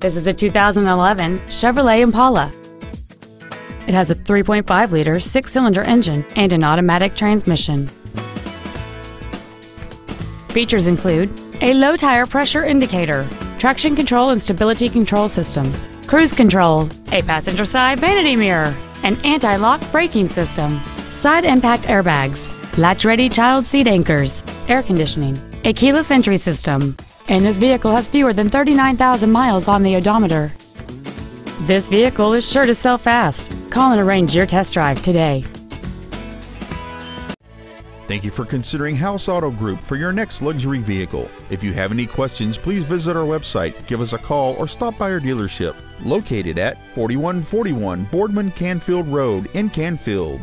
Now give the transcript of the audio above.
This is a 2011 Chevrolet Impala. It has a 3.5-liter six-cylinder engine and an automatic transmission. Features include a low-tire pressure indicator, traction control and stability control systems, cruise control, a passenger side vanity mirror, an anti-lock braking system, side impact airbags, latch-ready child seat anchors, air conditioning, a keyless entry system, and this vehicle has fewer than 39,000 miles on the odometer. This vehicle is sure to sell fast. Call and arrange your test drive today. Thank you for considering House Auto Group for your next luxury vehicle. If you have any questions, please visit our website, give us a call, or stop by our dealership located at 4141 Boardman Canfield Road in Canfield.